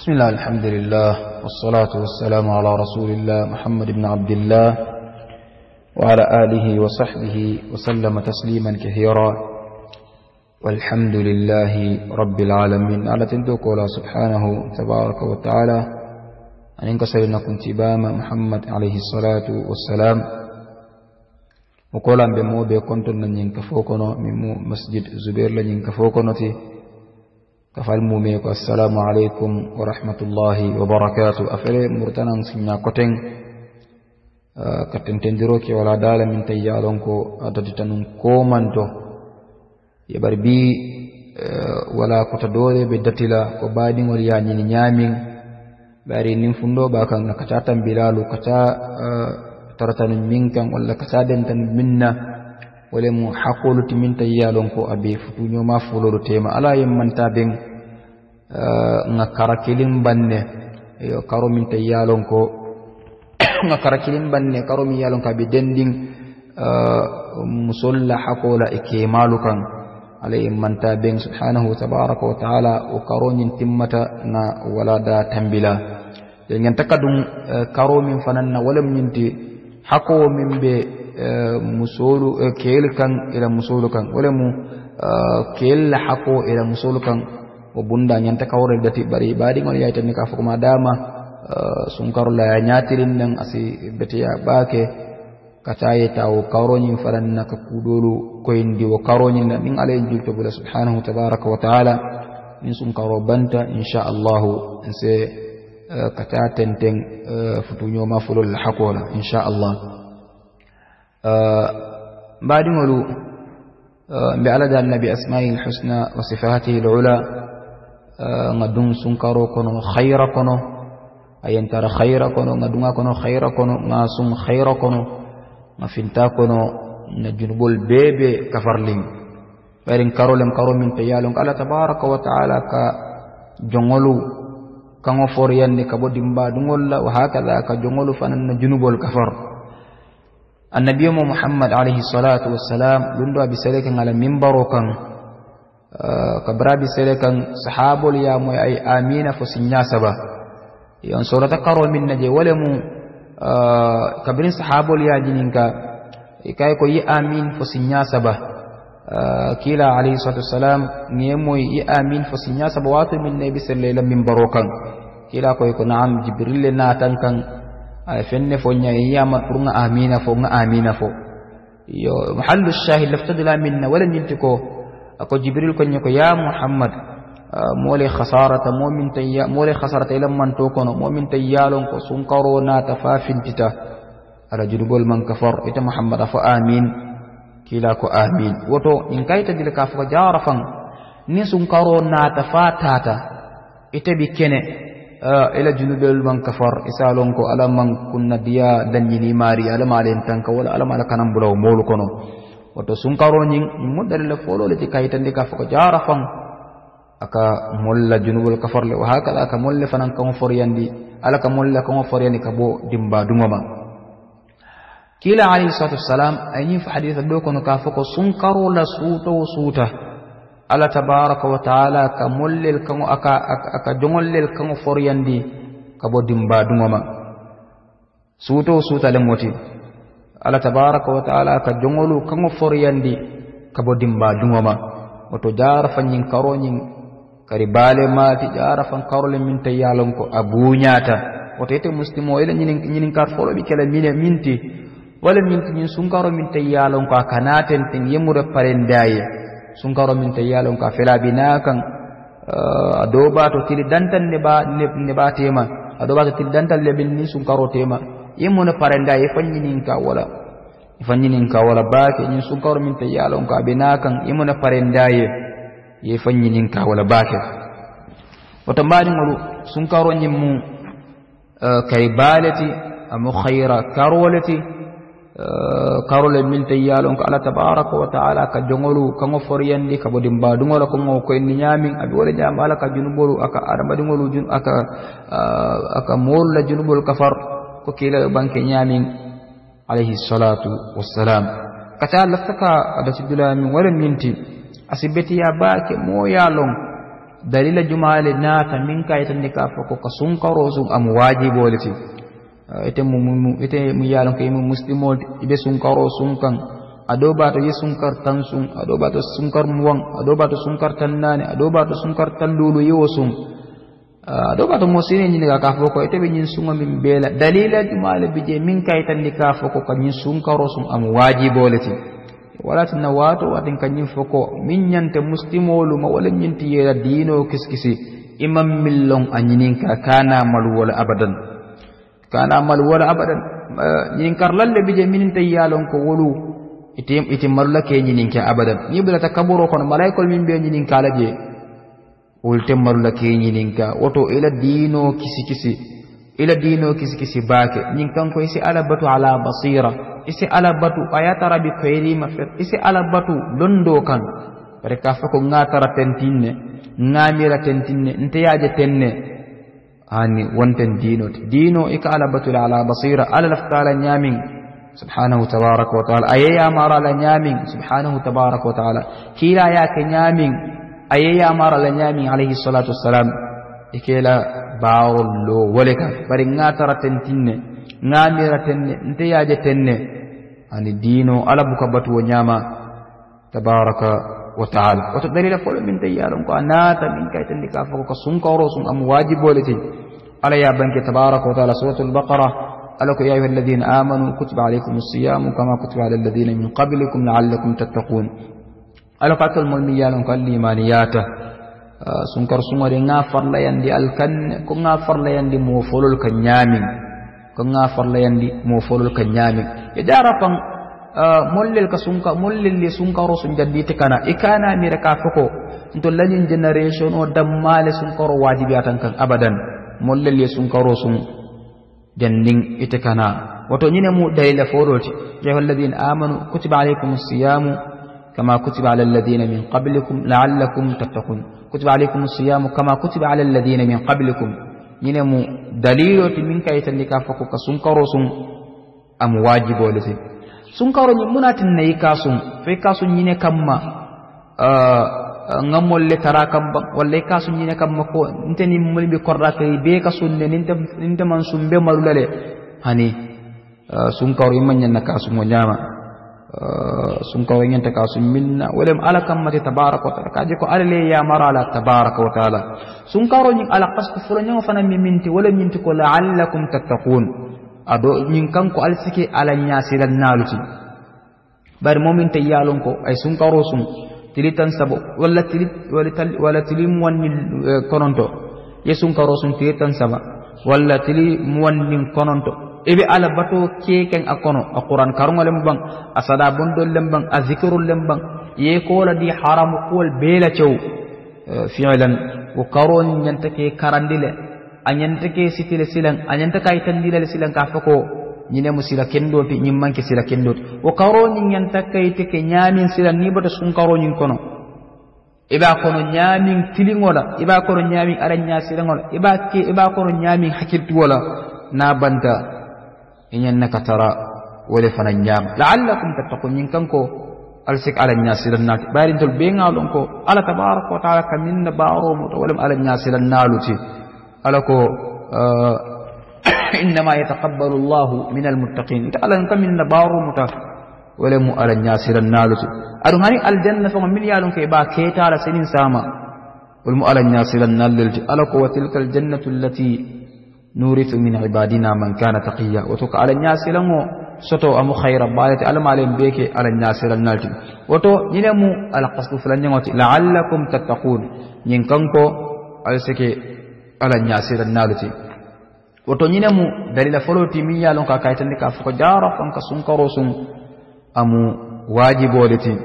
بسم الله الحمد لله والصلاة والسلام على رسول الله محمد بن عبد الله وعلى آله وصحبه وسلم تسليما كثيرا والحمد لله رب العالمين على تندوك ولا سبحانه تبارك وتعالى أن ينكسر لنكم تبام محمد عليه الصلاة والسلام وقولا بمو بكنت لن ينكفوكنا من مسجد زبير لن ينكفوكنا تي kafal mume ko assalamu aleykum wa rahmatullahi wa barakatu a fele murtanan suña koten ka tentendiro ke wala dala min tay yalon ko adati tanum komanto yeɓar bi wala kota dole ɓe datila ko baɗigol yañini ñamin ɓari nin fundo ɓa kan kata tambilalu kata taratanum min kan walla kata dentan minna wala mu hakolu min ta yalon ko abe futu nyoma fulolu tema ala yim manta ben eh, nga karakilin banne yo karo min ta yalon ko nga karakilin banne karo min yalon ka be dending eh, musolla hakola ike e malukan ala yim manta ben subhanahu tabaraka wa taala o karo nyin timmata na wala da tambila yen takadum eh, karo min fananna wala min ti hako min be musolu keel kan ila musolu kan wala mu keel hako ila musolu kan o bunda nyanta kawre dati bari badi ngon yaita ni kafu kuma dama sunkaru la nyatirin nan asi betiya bake kataye tawo kawronyin faran naka kudolo koyndi wo kawronyin nan min alay julto bula subhanahu tabaraka wa taala min sunkaro banta insha Allah se kata tenten futunyo mafulul hakola insha Allah آه، بعد مولو آه، بعلى النبي أسماء الحسنى وصفاته العلى ندون سنكرو كنو خير كنو أي أنت خير كنو ندون كنو خير كنو ناسم خير كنو نفنتا كنو نجنب البيب كفر لين فإن كرو لم كرو من تيالون قال تبارك وتعالى ك جنولو كنو فوريان لكبو دمبا دنولا وهكذا ك جنولو فنن جنب الكفر annabi mo muhammad alayhi salatu wassalam lundo abi sele kan ala mimbaro kan ka brabi sele kan sahabol ya moy ay amina fo sinya saba yon surata karo min naje wala mu kabrin sahabol ya jininka ikay ko yi amin fo sinya saba kila alayhi salatu wassalam ngi moy yi amin fo sinya saba watu min nabi sallallahu alayhi wasallam mimbaro kan kila ko ko na'am jibril le natan kan fenne fo ñayiyama pour nga amina fo nga amina fo yo mahallu shahid laftadila minna wala ninti ko ako jibril ko ñeko ya muhammad mole khasarata momin tayya mole khasarata ilam man to kono momin tayyalon ko sun karo na ta fa fintita ala judugol man kafar ita muhammad fa amin kila ko amin woto in kayta dil ka fa jarafan ni sun karo na ta fa tata ita bi kene ila junubel man kafar isalon ko ala man kunna diya danyini mari ala malen tanka wala ala mala kanam bulaw molu kono woto sunkaro nyin mo dare le folo le kayta ndi ka fako jara fam aka molla junubul kafar le wa hakala aka molle fanan kan for yandi ala ka molla kan for yandi ka bo dimba dungoma kila alayhi salatu wassalam ayni fa haditha do kono ka foko sunkaro la suuto suuta ala tabaraka wa taala ka mollel kaŋo aka aka joŋollel for foryandi ka bo dimba duŋo ma suta le moti ala tabaraka wa taala ka joŋolu for foryandi ka bo dimba duŋo ma woto jaara fa nyin karo nyin kari ti jar fa karo le min te yalon ko abunyata oto woto ite muslimo ile nyin kar folo bi kele mine min ti wala min nyin sun karo min te yalon ko kanaten tin yemure parendaye sunkaro min tayalon ka fela bina kan eh, ado ba to tili dantan ne ba ne ba tema ado ba to tili dantan le bin ni karo tema yimo ne parenda e fanyinin ka wala fanyinin ka wala ba ke ni sunkaro min tayalon ka bina kan yimo ne parenda ya ye fanyinin ka wala ba ke wata mani mu kai nyimu eh, kay balati khaira karo karwalati Eh, karole milta yiyalon ko allah tabaraka wa taala ka jogolu kango foriyandi ka bodi mbadugol ko ngo ko enni ñamin aɓe wole ñam ala ka junubolu aka aɗambaɗugol aka eh, aka molula junubol kafar ko kiilaɓe banke ñamin alayhi salatu wassalam kata laftaka adasidulamin wala minti asibbetiya baake moyalon dalila jumale naata min kayitandi ka fo ko ka sunkaro sum am wajibolete ite mumumu ite mu yaalon ke yimu muslimode iɓe sunkaro sunkan aɗo bato ye sunkar tan sun aɗo bato sunkar muwan aɗo bato sunkar tan nane aɗo bato sunkar tan lulu yewo sun aɗo bato mosine ñiniga ka foko ite ɓe ñin sunga min beela dalila jumale bije min kaytanni ka foko ka ñin sunkaro sun am wajibolati wala tinna wato watin kañin foko min ñante muslimolu ma wala ñinti yeela diino kiskisi imam millon a ñininka kana malu wala abadan abadan عمل ولا أبدا ينكر لل بجي من تيالون كولو wolu itim malu la nyinin ke abadan ni bula takaburo kon malaikol min be nyinin la je ulte marla la nyinin ka woto ila diinoo kisi kisi ila diinoo kisi kisi baake nyin ko isi ala batu ala basiira isi ala batu ayata isi ala batu londo kan bare ka fa ko ngata ra tentinne ngamira tentinne nte yaje tenne hani wonten diinote diino e ka ala batule ala basira ala lafta ala ñaamin subhanahu tabaraka wa taala a yeyamara ala ñaamin subhanahu tabaraka wa taala kiila yaake ñaamin a yeyamara ala ñaamin alayhi salatu wassalam e keela baarol lo wole ka bari ŋaataraten tinne ŋaamiraten ne nteyaje ten ne hani diino ala buka batuwo ñaama tabaraka وتعالى وتدليل فلو من تيار انكو اناتا من كايتن لكافة وكسون كورو سن ام واجب ولتي على يا بنك تبارك وتعالى سورة البقرة ألك يا أيها الذين آمنوا كتب عليكم الصيام كما كتب على الذين من قبلكم لعلكم تتقون ألك أكل ملميان قال لي مانياته sunkar sumari nga farla yandi alkan ko nga farla yandi mo folol ka nyami ko nga farla yandi mo folol ka nyami e dara pan mollel ka sunka mollel li sunkaro sun jandi te kana e kana mi reka foko to lanyin generation o dammale sunkaro wajibi atan kan abadan mollel ye sunkaro sun janndin ite kana woto ñine mu dayla foroti ya ayuha alladina amanu kutiba alaykum alsiyamu كما كتب على الذين من قبلكم لعلكم تتقون كتب عليكم الصيام كما كتب على الذين من قبلكم ينمو دليل من كيت لك فكك سنكرو سن أم واجب ولسي سنكرو نمونات نيكاسون فيكاسون ينكما آه ngamol le tara kamba walle ka sun sunyine kamma ko nteni bi korra kay be ka sun sunne ninte ninte man sun sumbe marulale hani sun kawr man na ka sun mo nyama sun kawr nyanta ka sun minna walem ala kamma ta tabaarak wa taala ka je ko alale ya mara ala tabaarak wa taala sun kawr ni ala fulo fulanya fana mi minti wala minti ko la'allakum tattaqun ado nyin kan kanko alsike ala nyasi lan naluti bar momin te yalon ko ay sun kawro sun tili tan sabo walla tili muwannin eh, kononto yesu karo sun tan saba walla tili muwannin kononto ibe ala bato keken a kono a quran karungolen ban a sadabundollen ban a zikirullen ban ye di haramu kuwal bela cew eh, filan wo karo ñanta ke karandile a ñanta ke sitile silan a ñanta kayitandilale silan ka fo fokoo ñinemu sila kendoti ñin manke sila kendoti wo ñan yan te ke ñamin sila ni bata sun karo karoñin kono iba kono ñamin tiliŋola iba kono ñamin araña ngol iba ke iba kono ñamin wala na banta iñan naka tara wole fana ñama laallakum tattaqun ñin kanko alsik ala ñasilannaaluti ɓayrintol ɓe ŋaalon ko ala tabaraka wa taala kaminna baaromoto walem ala ñasilannaaluti ala ko eh, إنما يتقبل الله من المتقين تعالى أنت من نبار متف ولم أرى الناس للنالس الجنة فما من يالون كيبا كيتا لسنين ساما ولم أرى الناس ألق وتلك الجنة التي نورث من عبادنا من كان تقيا وتوك على الناس لمو ستو أم خير بالة على ما لين بيك على الناس للنالس وتو ينمو على قصد فلن يموت لعلكم تتقون ينكنكو على سكي على الناس للنالس وتنينمو دليل فلو تيميا لون كايتن كاف كجارا فان كسون كروسون امو واجب ولتي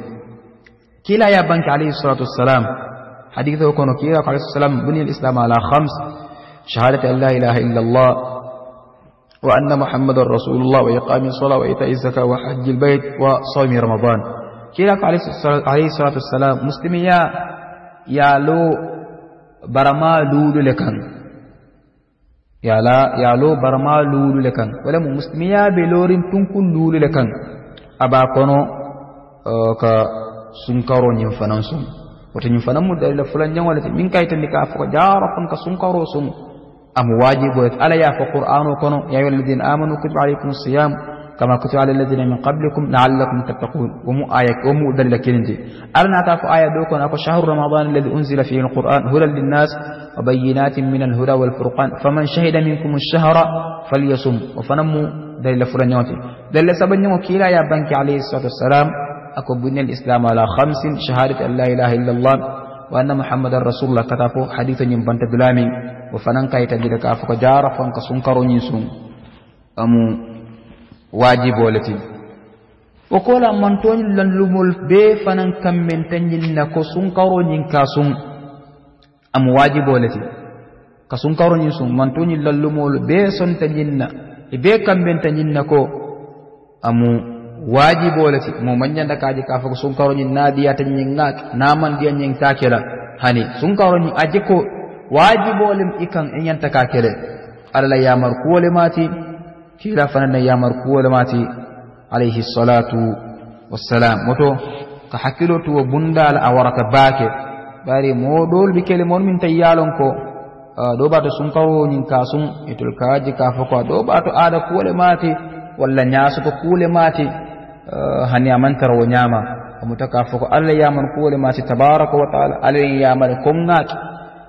كلا يا بنك عليه الصلاة والسلام حديثه كونو كلا عليه الصلاة والسلام بني الإسلام على خمس شهادة أن لا إله إلا الله وأن محمد رسول الله وإقام الصلاة وإيتاء الزكاة وحج البيت وصوم رمضان كلا عليه الصلاة والسلام مسلمي يا يا لو برما لولو لكان yala yalo barma lulu le kan wala mu muslimiya be lorin tunkun lulu le kan aba kono ka sunkaro nyim fanan sum wata nyim fanan mu dalila fulan nyan wala min kay tan ka fa jara kan ka sunkaro sum am wajibu ala ya fa qur'anu kono ya ayyuhal ladina amanu kutiba alaykumus siyam كما كتب على الذين من قبلكم لعلكم تتقون ومو آية ومو دل دليل دي أرنا تعرف آية دوكن أكو شهر رمضان الذي أنزل فيه القرآن هدى للناس وبينات من الهدى والفرقان فمن شهد منكم الشهر فليصم وفنموا دل دليل يوتي دل سبن وكيلا يا بنك عليه الصلاة والسلام أكو بني الإسلام على خمس شهادة أن لا إله إلا الله وأن محمد رسول الله حديثا من بنت دلامي وفنن كايتا دلك أفك جارة فانك سنكر ينسون أمو waajibooleti wo kola mantoñol lan lumol bee fanan kammen tañin na ko sunkaroñin ka sun am waajibooleti ka sunkaroñin sun mantoñin lan lumol bee sontañin na e bee kammen tañin na ko amu waajibooleti mo mañanda kaaji ka fo ko na man ŋaak namandiyañin ta kela hani a aje ko waajiboolem i kan e ñanta ka kele alla yamar kuwole maati hilafana yamarkuwo lamati alayhi salatu wassalam woto ka hakilo tuwo bunda a warata bake. bari moɗol bi kele mon min tawi yalon ko sun kawo nin ka sum e tol kaji ka foko ɗo ada aada kuwole mati walla ko kuule mati hani amantara wo ñama omuta ka foko allah yaman kuwole mati tabaraka wa taala alayen yamare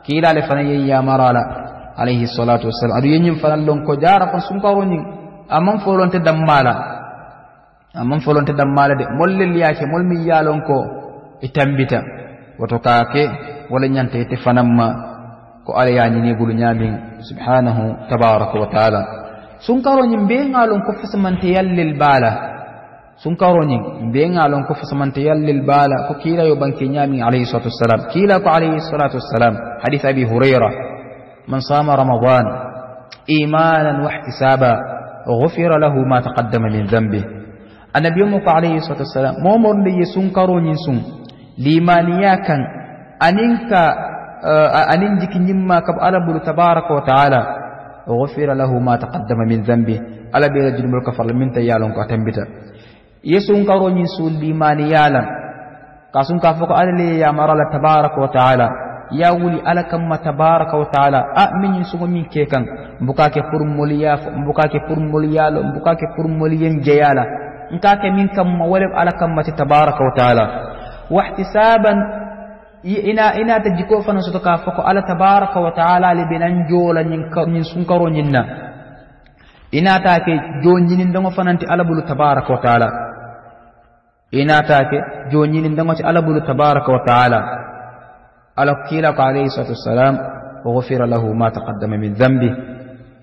kila le fana yen yamarala alayhi salatu wassalam aɗu yeñin fanan lon ko jara kon sunkaro ñin amman folonte dammala amman folonte dammala de mollel yaake mol min yalon ko e tambita woto kaake wala ñanta yete fanamma ko ala yañini bulu ñamin subhanahu tabaraka wa taala sunkaroñin mbe ngalon ko fasamante yallel baala sunkaroñin mbeŋalon ko fasamanta yallel baala ko kiila yo banke ñamin alayhi salatu wassalam kiila ko alayhi salatu wassalam hadith abi hurayra من صام رمضان إيمانا واحتسابا غفر له ما تقدم من ذنبه النبي مك عليه الصلاة والسلام مومر لي سنكرو نسون ليمانيا كان أنينك آه، أنين نما كب ألبر تبارك وتعالى غفر له ما تقدم من ذنبه ألا بيلا جنب الكفر من تيالون كتنبتا يسنكرو نسون ليمانيا لن كاسون كافوك ألا لي يا مرال تبارك وتعالى ya wuli ala kamma tabaraka wa taala a min sugo min ke kan mbuka ke pour moliya mbuka ke pour moliyalo mbuka ke pour moliyen jeyala nka ke min kamma wala ala kamma tabaraka wa taala wahtisaban ina ina ta jiko fana su taka fako ala tabaraka wa ta'ala li binan jola nyin nyin sun karo nyin na ina ta ke jo nyin dan fana ti ala bulu tabaraka wa ta'ala ina ta ke jo nyin dan ala bulu tabaraka wa ta'ala ألقيل عليه الصلاة والسلام وغفر له ما تقدم من ذنبه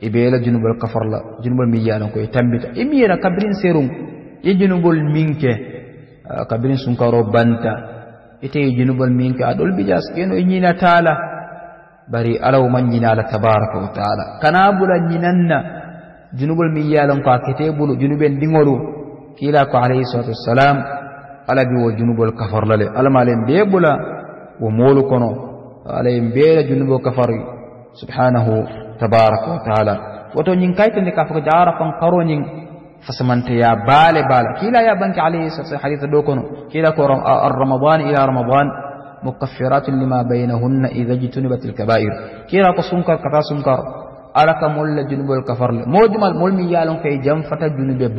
إبيلا جنوب الكفر لا جنوب الميانا كوي تنبت إمينا كبرين سيرون يجنوب المينك كبرين آه، سنكارو بانتا إتي جنوب المينك أدول بجاس كينو إنينا تالا بري ألو من ينال تبارك وتعالى كنابولا يننا جنوب الميانا الميالا كتابول جنوب دينورو كيلا عليه الصلاة والسلام ألا بيو جنوب الكفر للي ألا مالين بيبولا ومولو كنو على يمبير جنوب كفر سبحانه تبارك وتعالى وتو نين كايت ني كافو جارا فان قرو نين فسمنت يا بالي بالا كيلا يا بنك عليه الصلاه حديث دو كنو كيلا كرم آه، رمضان الى رمضان مكفرات لما بينهن اذا جتنبت الكبائر كيلا كسنكر كتا سنكر ألك مول جنب الكفر junubol kafar le mojumal mol mi yalon kay jam fata junube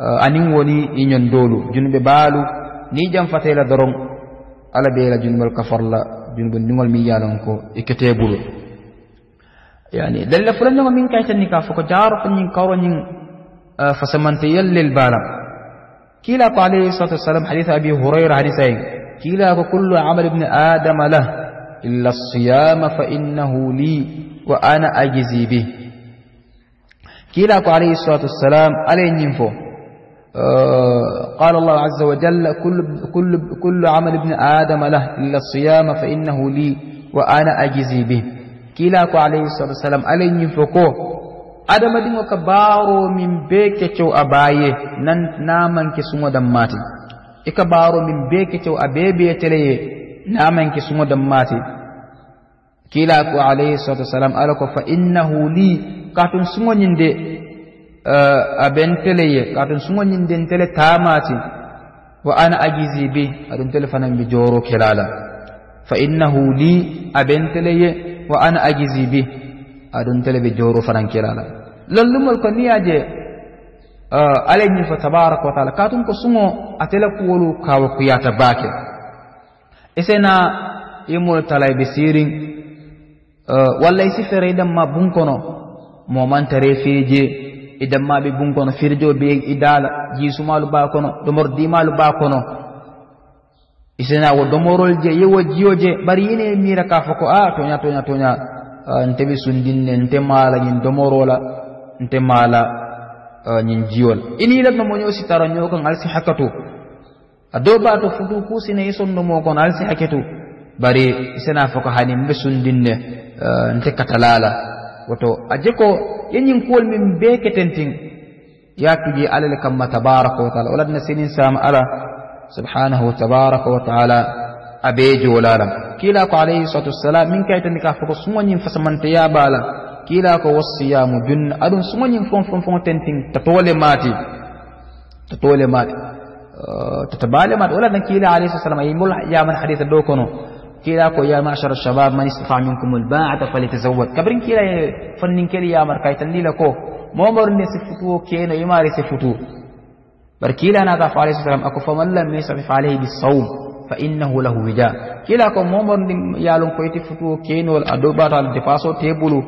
anin woni iñon dolu junube baalu ni jam fatela doron ala beela junubal la junube ndingol mi yaalon ko e ketebulo yani dalla fulan ngo min kaytan ni ka foko jaaro ko nyin kawro nyin fa samante yallel bala kila ko alayhi salatu wassalam hadith abi hurayra hadithain kila ko kullu amal ibn adam lah illa siyama fa innahu li wa ana ajizi bih kila ko alayhi salatu wassalam alayhi nyin fo Ƙala lal asibiti wajen kulma Amadu bin Adama la siya ma fainna huli ko ana aji zibe ki ila ku sada alaiko fainna huli kafin suna dama te ikabaro min beke cewa a baiye namanki suna dama te i ka baro min beke cewa a bebe ta ta namanki suna dama te ki ila ku sada alaiko fainna huli kafin suna dama te. abentele ye katin dentele ta mace wa ana agizi bi a dentele fanan bi joro kelala fa innahu li abentele ye wa ana agizi bi a dentele bi joro fanan kelala lollumol ko niyaje ala ñi fa tabaraka wa taala katun ko sungo atele kuwolu kawa kuyata baake esena imol talay bi sirin si fere idan ma bunkono mo man tare feeje e dammaɓe bunkono firjo be idaala e jiisumaalu baakono domor dimaalu baakono e senawo domorol je yewo jiyo je ɓar yine e mira ka fo ko a ah, toña toña toña ntewi sundinne nte maala ñin domorola nte maala ñin jiyol inila no moñoo sitara ñookon alsi haka to a dow ba to futu kuusine i e sonnomookon alsi hake to bari sena fo ko hani mbe sundinne nte katalaala woto aje ko yeñin kuwol min be ketentin yatuji alal kamma tabaraka wa taala waladna sinin sama ala subhanahu wa tabaraka wa taala abe jolalam kila ko alayhi salatu wassalam min kaytani ka foko sumoñin fasamanteya bala kila ko wassiyamu junna aɗum sumoñin fon fon fon tentin tatole maati tatole maati tatabale maati waladna kila alayhi salatu wassalam yimol yaman hadisa ɗo kono كلا كو يا معشر الشباب من استطاع منكم الباعة فليتزوج كبرين كلا فنن كلا يا مركاي تنلي لكو مومر فتو كينا يماري سفتو فعليه صلى الله عليه وسلم أكو فمن لم يستطف عليه بالصوم فإنه له وجاء كلا كو مومر يالون كو يتفتو كينا والأدوبات على دفاسو تيبولو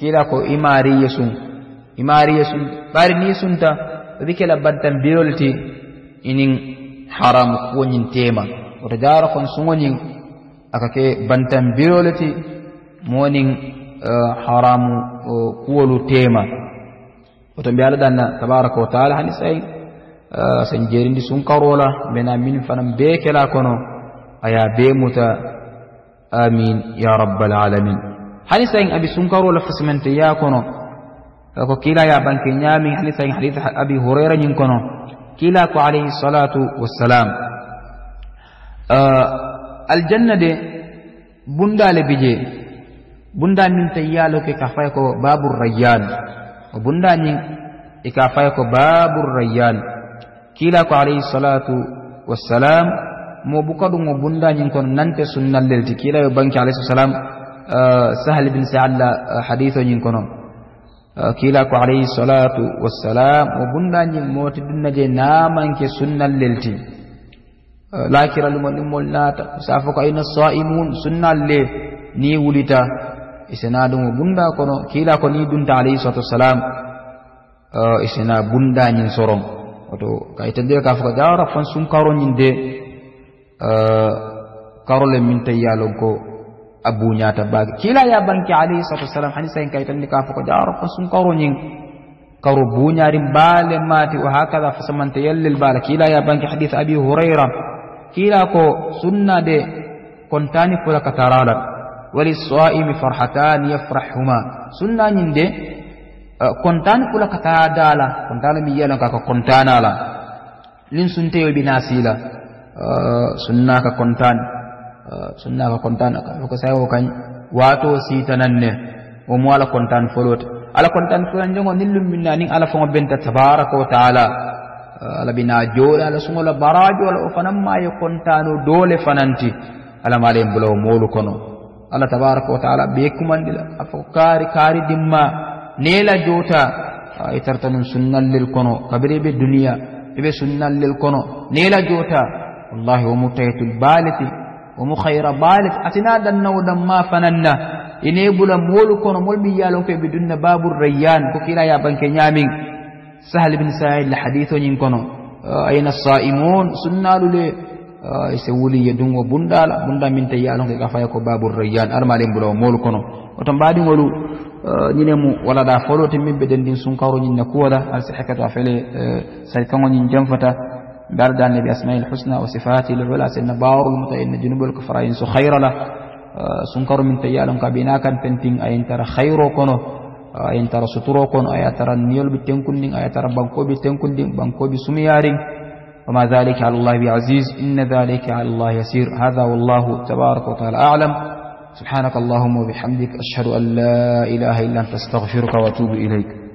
كلا كو إماري يسون إماري يسون باري نيسون تا ذكي لبنتن بيولتي إنين حرام كونين تيما وتجارة كون سونين akake bantan biroleti monin haramu kuwolu tema oto mbi ala danna tabaraka wa taala hani sayi sen jerindi sunkarola mbena min fanam be kala kono aya be muta amin ya rabbal alamin hani sai abi sunkarola fasimente ya kono ko kila ya banke nyami hani sai hadith abi hurairah nyin kono kila ko alayhi salatu wassalam uh, aljanna de bundale bije bunda min tan yaloke ka fay ko babu rayyan o bunda ni e ka fay ko babu rayyan kila ko alayhi salatu wassalam mo buka ɗum o bunda ñin kon nante sunnalelti kila yo banki alayhi sau salam uh, sahal bin saalla uh, hadiseo ñin kono uh, kila ko alayhi salatu wassalam o bunda ñin mooti dunna je namanke sunnalelti lakira lumalum molnata safo ko ayna saimun sunnalle ni wulita isena ɗum bunda kono kiila ko ni dunta alayhi salatu wassalam isena bundañin sorom oto ka itandira ka fo ko dawra fon sum karoñin de karole min tayyalon ko a buñata baake kiila ya banke alayhi salatu wassalam hani sayin ka itandi ka fo ko dawra fon sum karoñin كرو بونيار بالمات وهكذا فسمنت يلل بالك إلى يا بنك حديث أبي هريرة kiila ko sunna de kontani fula ka taraɗat wali soimi farhatani yafrahhuma sunnañin de eh, kontani fula ka tara dala kontala mi yiyalon kaka kontanala lin sunteyo ɓi nasila eh, sunnaka kontan eh, sunnaka kontan ko sawo kañ wato sitanan ne omo ala kontan folota ala kontan fula jongo nin lumminna nin ala fogo benta tabaraka wa taala ala binajoɗa ala la barajo ala o fanan maye kontano dole fananti ala malen bulawo molu kono allah tabaraka wa taala ɓe kumandila afo kaari kaari dimma nela jota e tarta num sunnallel kono kabire ɓe duniya eɓe sunnallel kono nela jota wallahi womu tayetul baaleti womu hayra baaleti atina ɗannawo ɗan ma fananna ine bula molu kono molɓi yalon ko eɓe dunna babul rayyan ko kila yabanke ñamin سهل بن سعيد الحديث ينكونو آه، أين الصائمون سنة لولي آه، يسولي يدون وبندال بندا من تيالون كيكا فايكو باب الريان أرمالين بلو مول كونو وتم بعد يقولوا آه، نينمو ولا دا فولو تمين بدن دين سنكارو نين نكوة دا السحكة وفعلي سيكونو نين جنفتا بعد أن نبي أسماء الحسنى وصفاته العلى سيدنا باور المتين جنوب الكفر ينسو خير له سنكر من تيالهم كابينا كان بنتين أين ترى خيره كونه en tara suturo kon aya tara niyol ɓe tenkundin aya tara bankoɓe tenkundin وما ذلك على الله بعزيز إن ذلك على الله يسير هذا والله تبارك وتعالى أعلم سبحانك اللهم وبحمدك أشهد أن لا إله إلا أنت أستغفرك وأتوب إليك